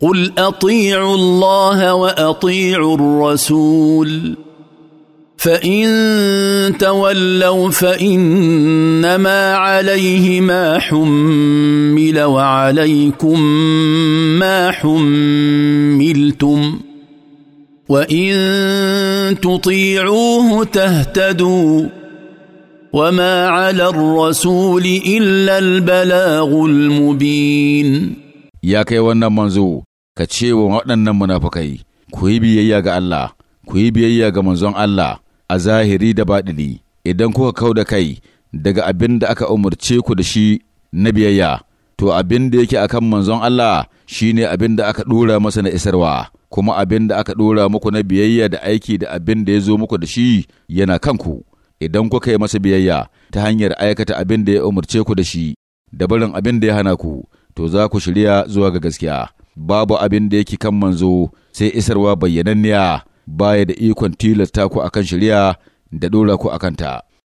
قل اطيعوا الله واطيعوا الرسول فان تولوا فانما عليه ما حمل وعليكم ما حملتم وان تطيعوه تهتدوا وما على الرسول الا البلاغ المبين يا كيوانا منزو ka ce wa waɗannan munafukai ku yi biyayya ga Allah ku yi biyayya ga manzon Allah a zahiri da baɗini idan kuka kau da kai daga abin da aka umarce ku da shi na biyayya to abin da yake akan manzon Allah shine abin da aka ɗora masa na isarwa kuma abin da aka ɗora muku na biyayya da aiki da abin da ya zo muku da shi yana kanku idan kuka yi masa biyayya ta hanyar aikata abin da ya umarce ku da shi da barin abin da ya hana ku to za ku shirya zuwa ga gaskiya babu abin da yake kan manzo sai isarwa bayyananniya baya da ikon tilasta ku akan shari'a da ko ku akanta.